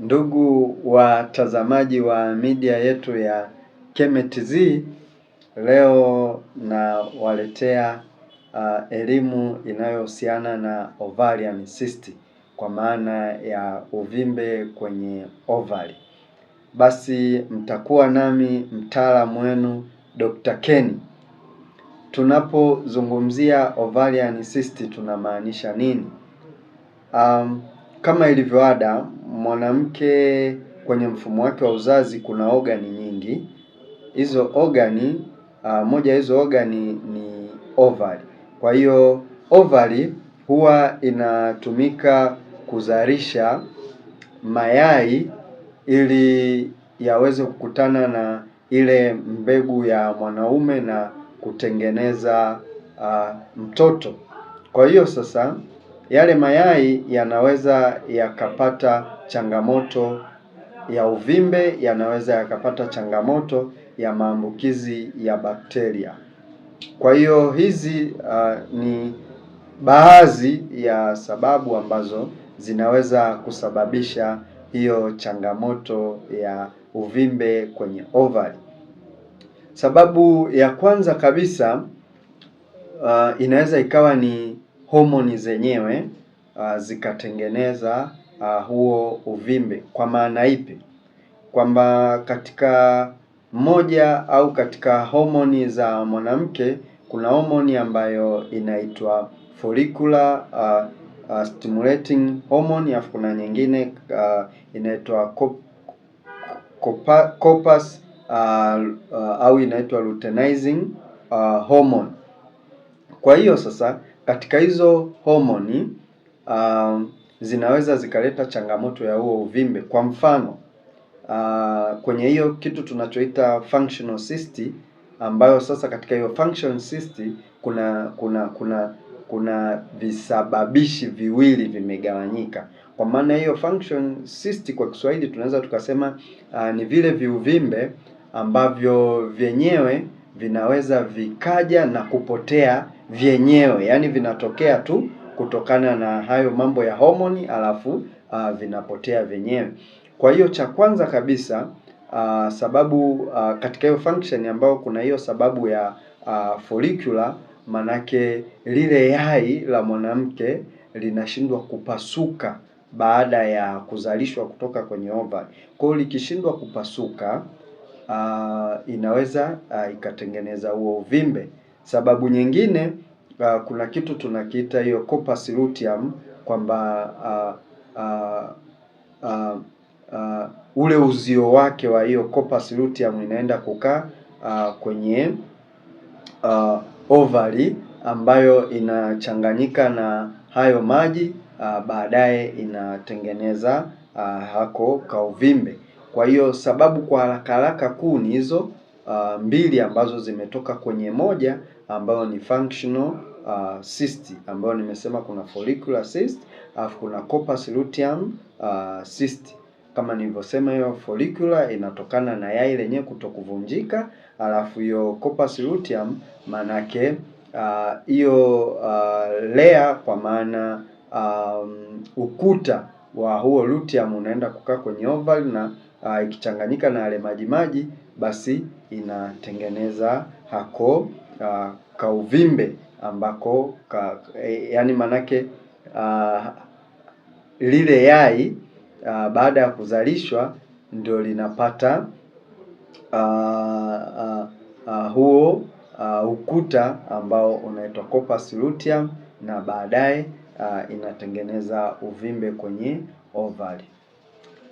Ndugu watazamaji wa media yetu ya Kemetz, leo nawaletea uh, elimu inayohusiana na ovarian cyst kwa maana ya uvimbe kwenye ovary. Basi mtakuwa nami mtaalamu wenu Dr. Ken. Tunapozungumzia ovarian cyst tunamaanisha nini? Um, kama ilivyo ada, mwanamke kwenye mfumo wake wa uzazi kuna ogani nyingi. Hizo ogani uh, moja ya hizo ogani ni ovary. Kwa hiyo ovary huwa inatumika kuzalisha mayai ili yaweze kukutana na ile mbegu ya mwanaume na kutengeneza uh, mtoto. Kwa hiyo sasa yale mayai yanaweza yakapata changamoto ya uvimbe, yanaweza yakapata changamoto ya maambukizi ya bakteria. Kwa hiyo hizi uh, ni baadhi ya sababu ambazo zinaweza kusababisha hiyo changamoto ya uvimbe kwenye ovari. Sababu ya kwanza kabisa uh, inaweza ikawa ni homoni zenyewe uh, zikatengeneza uh, huo uvimbe. Kwa maana ipi? Kwamba katika moja au katika homoni za mwanamke kuna homoni ambayo inaitwa follicular uh, uh, stimulating hormone, afu kuna nyingine uh, inaitwa corpus uh, uh, au inaitwa luteinizing uh, hormone. Kwa hiyo sasa katika hizo homoni uh, zinaweza zikaleta changamoto ya huo uvimbe. Kwa mfano uh, kwenye hiyo kitu tunachoita functional cyst, ambayo sasa katika hiyo functional cyst kuna kuna kuna kuna visababishi viwili vimegawanyika. Kwa maana hiyo function cyst kwa Kiswahili tunaweza tukasema uh, ni vile viuvimbe ambavyo vyenyewe vinaweza vikaja na kupotea vyenyewe, yaani vinatokea tu kutokana na hayo mambo ya homoni, alafu uh, vinapotea vyenyewe. Kwa hiyo cha kwanza kabisa uh, sababu uh, katika hiyo function ambayo kuna hiyo sababu ya uh, follicular, manake lile yai la mwanamke linashindwa kupasuka baada ya kuzalishwa kutoka kwenye ovari. Kwa hiyo likishindwa kupasuka uh, inaweza uh, ikatengeneza huo uvimbe. Sababu nyingine uh, kuna kitu tunakiita hiyo copper siluteum kwamba uh, uh, uh, uh, ule uzio wake wa hiyo copper siluteum inaenda kukaa uh, kwenye uh, ovary ambayo inachanganyika na hayo maji uh, baadaye inatengeneza uh, hako kauvimbe. Kwa hiyo sababu kwa haraka haraka kuu ni hizo uh, mbili ambazo zimetoka kwenye moja ambayo ni functional uh, cyst ambayo nimesema kuna follicular cyst alafu kuna corpus luteum uh, ah, cyst. Kama nilivyosema, hiyo follicular inatokana na yai lenyewe kutokuvunjika, alafu hiyo corpus luteum maanake hiyo uh, uh, layer kwa maana um, ukuta wa huo luteum unaenda kukaa kwenye oval na uh, ikichanganyika na yale maji maji basi inatengeneza hako uh, kauvimbe ambako ka, eh, yani manake uh, lile yai uh, baada ya kuzalishwa ndio linapata uh, uh, uh, huo uh, ukuta ambao unaitwa corpus luteum na baadaye uh, inatengeneza uvimbe kwenye ovari.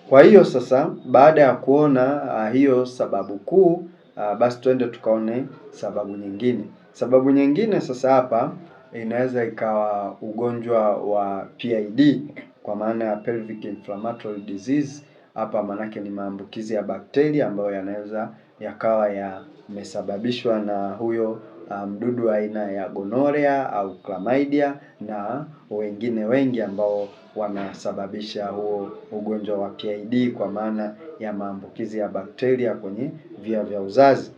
Kwa hiyo sasa, baada ya kuona uh, hiyo sababu kuu uh, basi twende tukaone sababu nyingine. Sababu nyingine sasa hapa inaweza ikawa ugonjwa wa PID kwa maana ya pelvic inflammatory disease. Hapa maanake ni maambukizi ya bakteria ambayo yanaweza yakawa yamesababishwa na huyo mdudu um, aina ya gonorea au chlamydia na wengine wengi ambao wanasababisha huo ugonjwa wa PID kwa maana ya maambukizi ya bakteria kwenye via vya uzazi.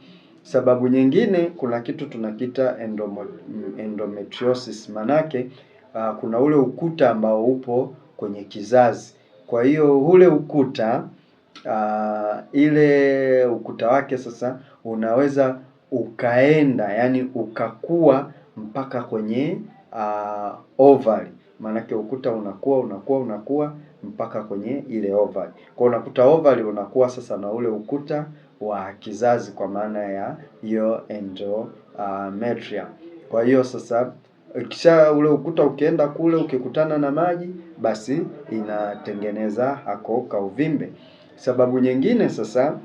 Sababu nyingine, kuna kitu tunakita endometriosis, manake uh, kuna ule ukuta ambao upo kwenye kizazi. Kwa hiyo ule ukuta uh, ile ukuta wake sasa unaweza ukaenda yani ukakua mpaka kwenye uh, ovary. Maanake ukuta unakuwa unakuwa unakuwa mpaka kwenye ile ovary. Kwa unakuta ovary unakuwa sasa na ule ukuta wa kizazi kwa maana ya hiyo endometrium. Uh, kwa hiyo sasa kisha ule ukuta ukienda kule ukikutana na maji, basi inatengeneza hako kauvimbe. Sababu nyingine sasa,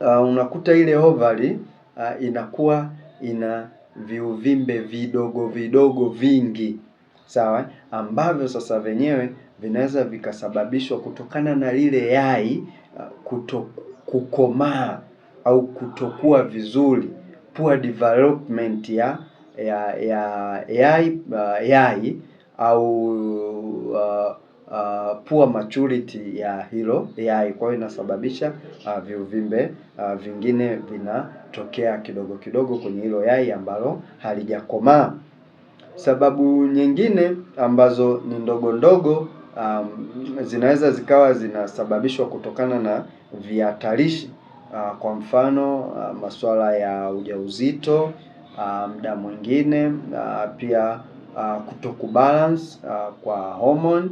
uh, unakuta ile ovary uh, inakuwa ina viuvimbe vidogo vidogo vingi, sawa, ambavyo sasa venyewe vinaweza vikasababishwa kutokana na lile yai uh, kuto kukomaa au kutokuwa vizuri, poor development ya ya ya yai, uh, yai au uh, uh, poor maturity ya hilo yai, kwa hiyo inasababisha uh, viuvimbe uh, vingine vinatokea kidogo kidogo kwenye hilo yai ambalo halijakomaa. Sababu nyingine ambazo ni ndogo ndogo um, zinaweza zikawa zinasababishwa kutokana na vihatarishi uh, kwa mfano uh, masuala ya ujauzito uh, muda mwingine uh, pia uh, kutokubalance uh, kwa hormone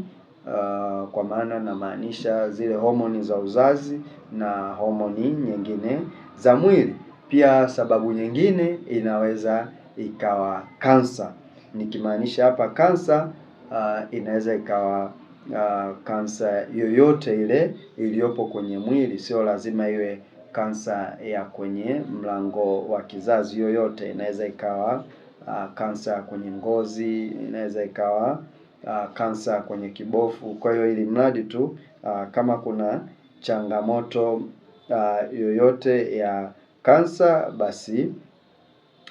uh, kwa maana namaanisha zile homoni za uzazi na homoni nyingine za mwili. Pia sababu nyingine inaweza ikawa kansa. Nikimaanisha hapa kansa, uh, inaweza ikawa uh, ah, kansa yoyote ile iliyopo kwenye mwili, sio lazima iwe kansa ya kwenye mlango wa kizazi. Yoyote inaweza ikawa uh, ah, kansa kwenye ngozi, inaweza ikawa uh, kansa kwenye kibofu. Kwa hiyo ili mradi tu uh, kama kuna changamoto uh, yoyote ya kansa basi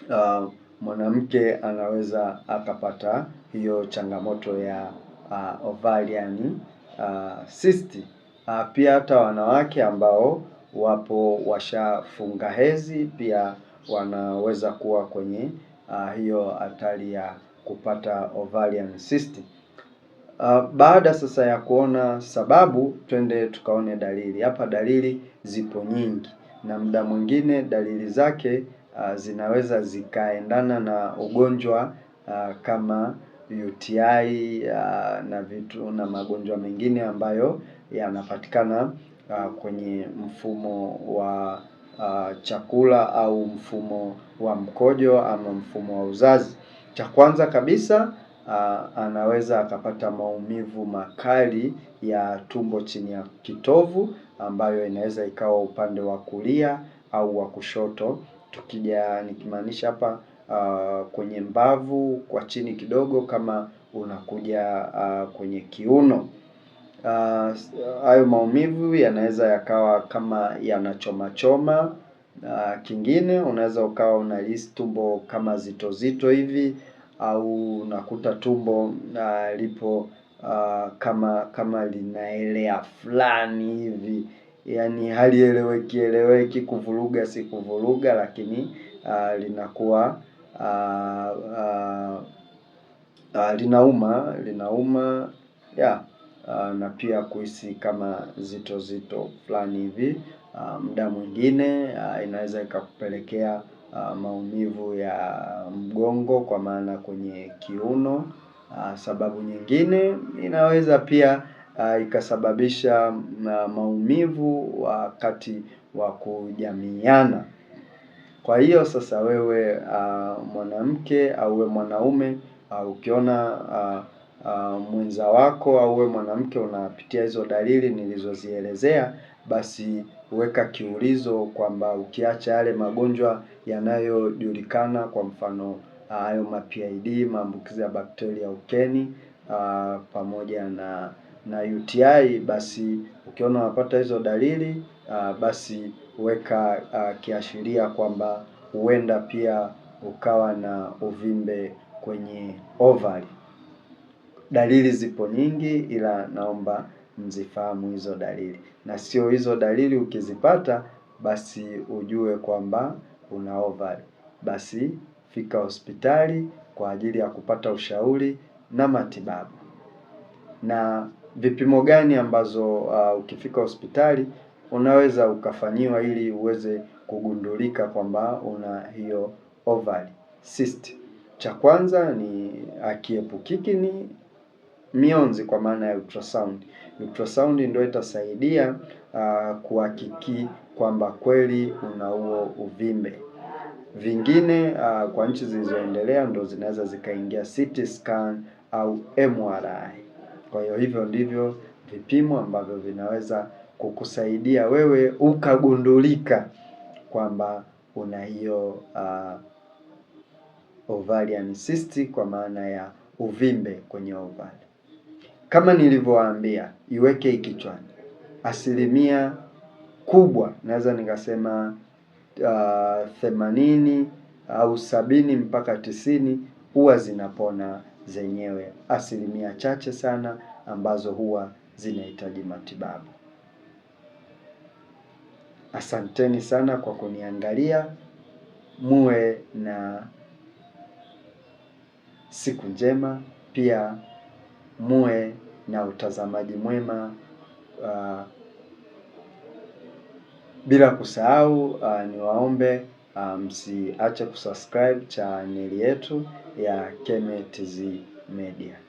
uh, mwanamke anaweza akapata hiyo changamoto ya uh, ovarian uh, cyst. Uh, pia hata wanawake ambao wapo washafunga hezi pia wanaweza kuwa kwenye uh, hiyo hatari ya kupata ovarian cyst. Uh, baada sasa ya kuona sababu, twende tukaone dalili. Hapa dalili zipo nyingi, na muda mwingine dalili zake uh, zinaweza zikaendana na ugonjwa uh, kama UTI uh, na vitu na magonjwa mengine ambayo yanapatikana uh, kwenye mfumo wa uh, chakula au mfumo wa mkojo ama mfumo wa uzazi. Cha kwanza kabisa uh, anaweza akapata maumivu makali ya tumbo chini ya kitovu ambayo inaweza ikawa upande wa kulia au wa kushoto. Tukija nikimaanisha hapa uh, kwenye mbavu kwa chini kidogo, kama unakuja uh, kwenye kiuno hayo uh, maumivu yanaweza yakawa kama yanachomachoma. Uh, kingine unaweza ukawa unahisi tumbo kama zito zito hivi au unakuta tumbo uh, lipo uh, kama kama linaelea fulani hivi, yani halieleweki eleweki, kuvuruga si kuvuruga, lakini uh, linakuwa uh, uh, uh, linauma linauma yeah. Uh, na pia kuhisi kama zito zito fulani hivi uh, muda mwingine uh, inaweza ikakupelekea Uh, maumivu ya mgongo kwa maana kwenye kiuno. Uh, sababu nyingine inaweza pia uh, ikasababisha maumivu wakati wa kujamiiana. Kwa hiyo sasa wewe mwanamke au we mwanaume ukiona mwenza wako au we mwanamke unapitia hizo dalili nilizozielezea basi kuweka kiulizo kwamba ukiacha yale magonjwa yanayojulikana kwa mfano ah, hayo ma PID, maambukizi ya bakteria ukeni uh, pamoja na na UTI, basi ukiona unapata hizo dalili uh, basi weka uh, kiashiria kwamba huenda pia ukawa na uvimbe kwenye ovari. Dalili zipo nyingi, ila naomba mzifahamu hizo dalili, na sio hizo dalili ukizipata basi ujue kwamba una ovari Basi fika hospitali kwa ajili ya kupata ushauri na matibabu. Na vipimo gani ambazo uh, ukifika hospitali unaweza ukafanyiwa ili uweze kugundulika kwamba una hiyo ovary cyst. Cha kwanza ni akiepukiki ni mionzi kwa maana ya ultrasound ultrasound ndio itasaidia uh, kuhakiki kwamba kweli una huo uvimbe. Vingine uh, kwa nchi zilizoendelea ndo zinaweza zikaingia CT scan au MRI. Kwa hiyo hivyo ndivyo vipimo ambavyo vinaweza kukusaidia wewe ukagundulika kwamba una hiyo uh, ovarian cyst kwa maana ya uvimbe kwenye ovari. Kama nilivyowaambia, iweke ikichwani, asilimia kubwa naweza nikasema uh, themanini au sabini mpaka tisini huwa zinapona zenyewe, asilimia chache sana ambazo huwa zinahitaji matibabu. Asanteni sana kwa kuniangalia, muwe na siku njema pia muwe na utazamaji mwema uh, bila kusahau uh, niwaombe ah, msiache kusubscribe chaneli yetu ya Kemetz Media.